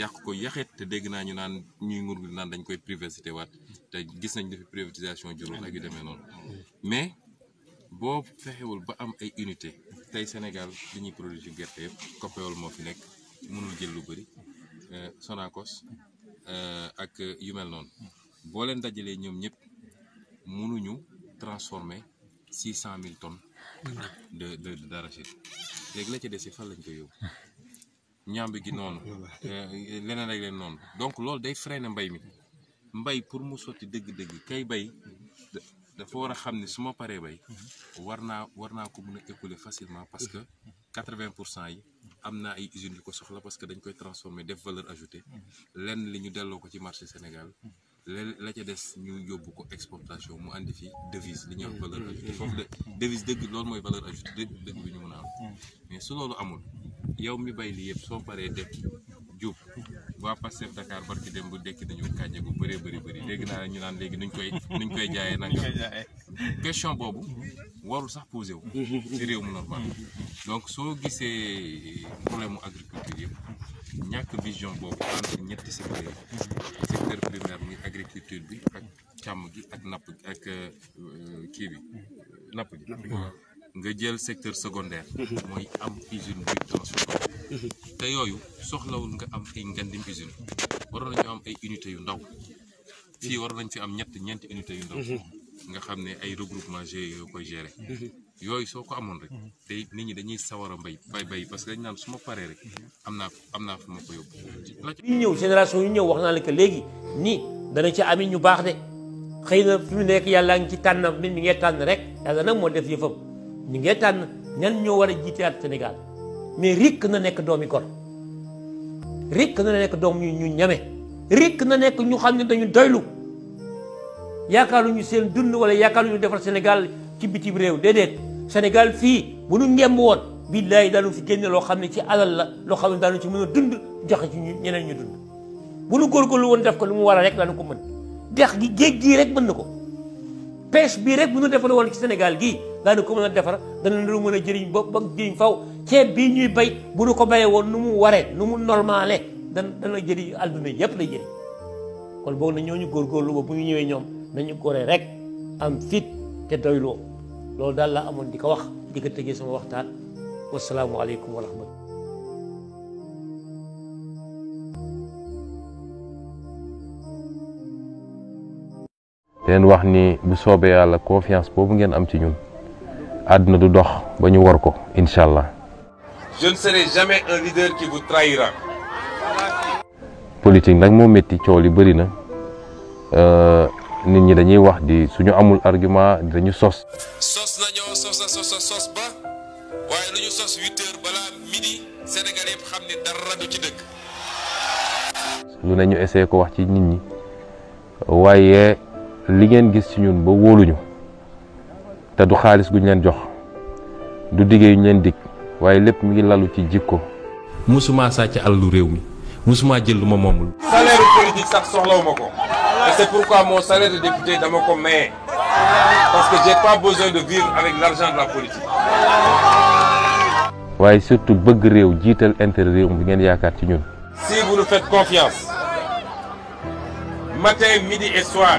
yàq ko yaxet te dégg naa ñu naan ñuy ngur naan dañ koy privatisé waat te gis nañ dafa privatisation juróom ak yu demee noonu mais boo fexewul ba am ay unité tey Sénégal li ñuy produire gerte yëpp Copéol moo fi nekk mënul jël lu bëri euh, Sonacos euh, ak yu mel noonu boo leen dajalee ñoom ñëpp mënuñu transformer six cent mille tonnes de dara d'arachide léegi la ci des si fan lañ koy yóbbu ñàmb gi noonu euh, leneen ak leen noonu donc loolu day freiné mbay mi mbay pour mu sotti dëgg-dëgg kay bay dafa war a xam ne su ma paree bay war naa war naa ko mën a écouler facilement parce que quatre-vingt pour cent yi am naa ay usines yu ko soxla parce que dañ koy transformer def valeur ajoutée lenn li ñu delloo ko ci marché Sénégal léegi la ca des ñu yóbbu ko exportation mu andi fi devise li ñuy wax valeur ajoutée foofu de devise dëgg loolu mooooy valeur ajoutée dëgg dëgg bi ñu mën a am mm. mais su loolu amul yow mi bay li yëpp soo paree def jub waa Pastef Dakar barki dem bu dekki nañu kàjje bu baree bëri bëri léegi naa ñu naan léegi nuñ koy nuñ koy jaayee nanga question boobu warul sax posé wu réew mu normal donc soo gisee problème mu agriculture yëpp ñàkk vision boobu entre ñetti secteur secteur primaire muy agriculture bi ak càmm gi ak napp ak euh, kii bi napp gi nga jël secteur secondaire. Mhm. mooy am usine buy transformer. Mhm. a yooyu nga am ay unité yu ndaw fii mhm. war nañ fi am ñett ñeenti unité yu ndaw. nga xam ne ay regroupement GIE yoo koy yooyu soo ko amoon rek te nit ñi dañuy sawar a mbay bay bay parce que dañ naan su ma paree rek am naa am naa fu ma ko yóbbu. yu ñëw génération yu ñëw wax naa la léegi nii dana ci amit ñu baax de xëy na fi mu nekk yàlla ngi ci tànn nit ñi ngee tànn rek yàlla nag moo def yëfam. ñu ngee tànn ñan ñoo war a jiiteyaat Sénégal mais rikk na nekk doom doomi gor rikk na nekk doom ñu ñu ñeme rikk na nekk ñu xam ne dañu doylu yaakaar yaakaaruñu seen dund wala yaakaaruñu defar Sénégal ci bitim réew déedéet Sénégal fii bu nu ngemb woon billaay daanu fi génne loo xam ne ci alal la loo xam ne daanu ci mën a dund joxe ci ñeneen ñu dund bu nu góorgóorlu woon def ko lu mu war a rek daanu ko mën dex gi géej gii rek mën na ko pêche bii rek bu ñu defal woon ci Sénégal gii daanu ko mën a defar lu mën a jëriñ ba ba jëriñ faw ceeb bii ñuy bay bu ñu ko bayee woon nu mu waree nu mu normalé dan dana jëriñ àdduna yëpp lay jëriñ kon boog na góor lu ba bu ñu ñëwee ñoom nañu góore rek am fit te doyloo loolu daal laa amoon di ko wax di ko tëjee sama waxtaan wasalaamualeykum wa rahmatullah dañ wax ni bu soobee yalla confiance bobu ngeen am ci ñun aduna du dox ba ñu war ko inshallah je ne serai jamais un leader qui vous trahira politique nak mo metti cioli li na euh nit ñi dañuy wax di suñu amul argument dañu sos sos nañu sos sos sos ba waye luñu sos 8h bala midi sénégalais yëpp xamni dara du ci dëkk lu nañu essayer ko wax ci nit ñi waye li ngeen gis ci ñun salaire politique c'est pourquoi mon salaire de député dama ko maye parce que j'ai pas besoin de vivre avec l'argent de la politique. surtout bëgg ngeen yaakaar ci si vous nous faites confiance matin midi et soir.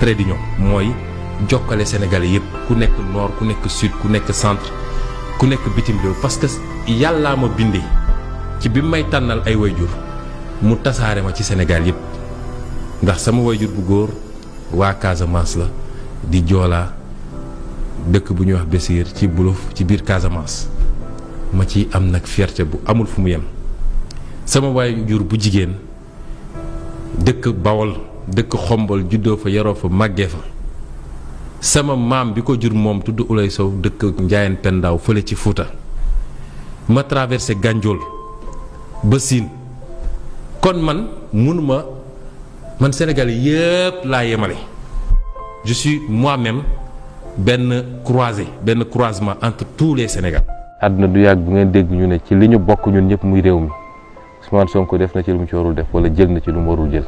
trait mooy jokkale Sénégalais yëpp ku nekk nord ku nekk sud ku nekk centre ku nekk bitim réew parce que yàllaa ma bindee ci bi may tànnal ay wayjur mu tasaare ma ci Sénégal yëpp ndax sama wayjur bu góor waa Casamance la di joolaa dëkk bu ñuy wax Bessir ci Bulof ci biir Casamance ma ci am nag fierté bu amul fu mu yem sama wayjur bu jigéen dëkk Bawol dëkk xombal juddoo fa yaroo fa màggee fa sama maam bi ko jur moom tudd Ulay Sow dëkk Njaayan Pendaaw fële ci Fuuta ma traversé ganjol ba Siin kon man mënuma man Sénégal yépp laa yemale je suis moi-même benn croisé benn croisement entre tous les Sénégalais. àdduna du yàgg bi ngeen dégg ñu ne ci li ñu bokk ñun ñëpp muy réew mi Ousmane Sonko def na ci lu mu ci warul def wala jël na ci lu mu warul jël.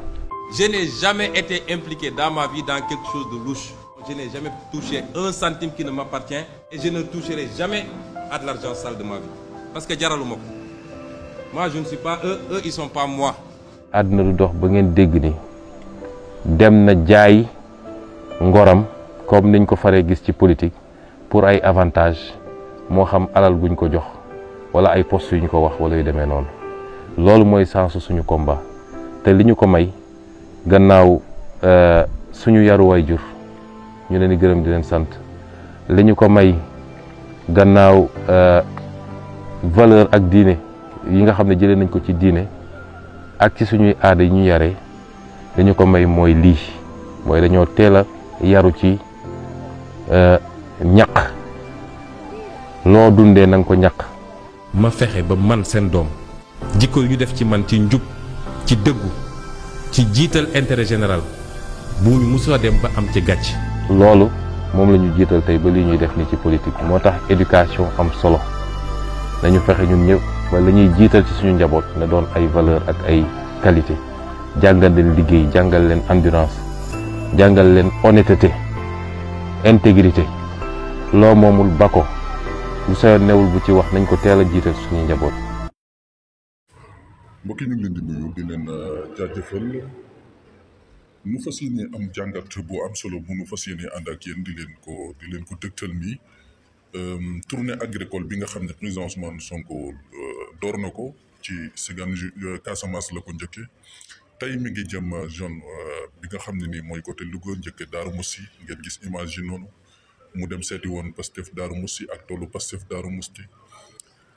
Je n'ai jamais été impliqué dans ma vie dans quelque chose de louche. Je n'ai jamais touché un centime qui ne m'appartient et je ne toucherai jamais à de l'argent sale de ma vie. Parce que jaraluma ko moi je ne suis pas eux eux ils ne sont pas moi. Adna du dox ba ngeen dégg ni dem jaay ngoram comme niñ ko fait gis ci politique pour ay avantages moo xam alal guñ ko jox wala ay postes yu ñu ko wax wala yu demee noonu loolu mooy sens suñu combat te ko may. gannaaw euh, suñu yaru yaruwaay jur ñu leen di gërëm di leen sant li ñu ko may gannaaw euh, valeur ak diine yi nga xam ne jële nañ ko ci diine ak ci suñuy aada yi ñu yare li ñu ko may mooy lii mooy dañoo teel a yaru ci euh, ñaq loo dundee na ko ñaq ma fexe ba man seen doom jikko yu ñu def ci man ci njub ci dëggu ci jiital intérêt général bu ñu musa dem ba am ci gàcc loolu moom la ñu jiital tey ba li ñuy def ni ci politique moo tax éducation am solo nañu fexe ñun ñëpp ba la ñuy jiital ci suñu njaboot na doon ay valeur ak ay qualité jàngal leen liggéey jàngal leen endurance jàngal leen honnêteté intégrité loo moomul ba ko lu sayoon newul bu ci wax nañ ko teel a jiital suñu njaboot mbokk yi ñu ngi leen di nuyu di leen euh, jaajëfal nu fas yéene am jàngat bu am solo bu nu fas yéene ànd ak yéen di leen ko di leen ko dëgtal nii euh, tournée agricole bi nga xam ne président Ousmane Sonko euh, door na ko ci Sigan Casamance la ko njëkkee tey mi ngi jëm zone bi nga xam ne nii mooy côté Louga njëkkee Darou Moussi ngeen gis image yi noonu mu dem seeti woon Pastef Darou Moussi ak toolu Pastef Darou Moussi.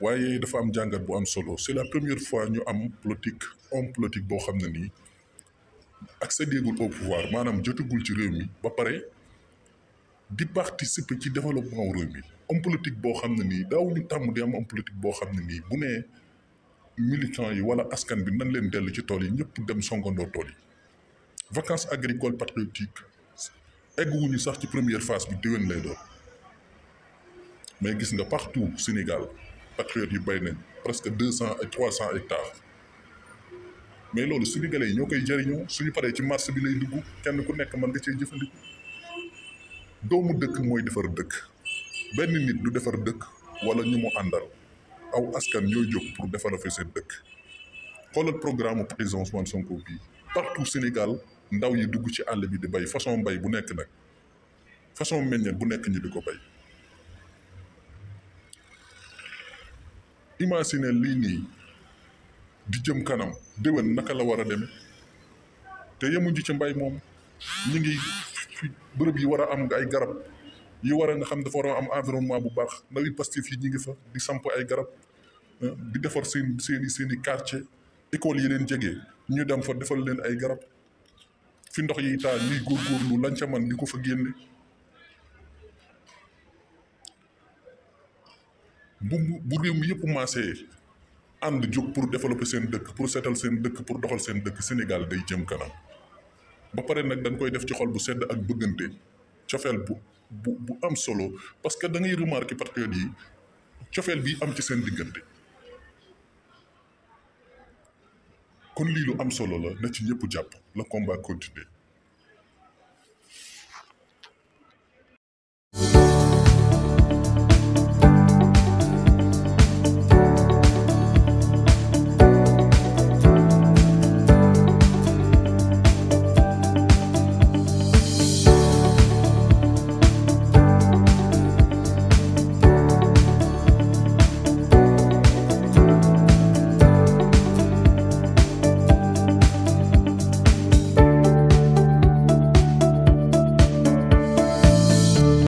waaye dafa am jàngat bu am solo c'est la première fois ñu am politique homme politique boo xam ne nii déggul au pouvoir maanaam jotagul ci réew mi ba pare di participer ci développement réew mi homme politique boo xam ne nii daawuñu tàmm di am homme politique boo xam ne nii bu nee militant yi wala askan bi nan leen dellu ci tool yi ñëpp dem songandoo tool yi vacances agricoles patriotiques egguwuñu sax ci première phase bi déwén lay doon mais gis nga partout Sénégal patriotes yu bëri nañ presque 200 et 300 hectares mais loolu sénégalais yi ñoo koy jëriñoo suñu paree ci marché bi lay dugg kenn ku nekk man nga cee jëfandiku doomu dëkk mooy defar dëkk benn nit du defar dëkk wala ñu mu àndal aw askan ñooy jóg pour defar fa seen dëkk xoolal programme président Ousmane Sonko bii partout Sénégal ndaw yi dugg ci àll bi di bay façon bay bu nekk nag façon meññeet bu nekk ñi di ko bay imaginer lii nii di jëm kanam déwén naka la war a deme te yemuñ ci ci mbay moom ñu ngi fi bërëb yi war a am ay garab yi war a nga xam dafa war a am environnement bu baax ndawi Pastef yi ñu ngi fa di samp ay garab eh, di defar seeni seeni i seen i quartier école yi jege ñu dem fa defal leen ay garab fi ndox yi taa ñuy góorgóorlu lañ ca man di ko fa génne. bu bu réew mi yëpp commencé ànd jóg pour développer seen dëkk pour seetal seen dëkk pour doxal seen dëkk Sénégal day jëm kanam ba pare nag dañ koy def ci xol bu sedd ak bëggante cofeel bu bu bu am solo parce que da ngay remarquer patriote yi cofeel bi am ci seen diggante kon lii lu am solo la na ci ñëpp jàpp le combat continue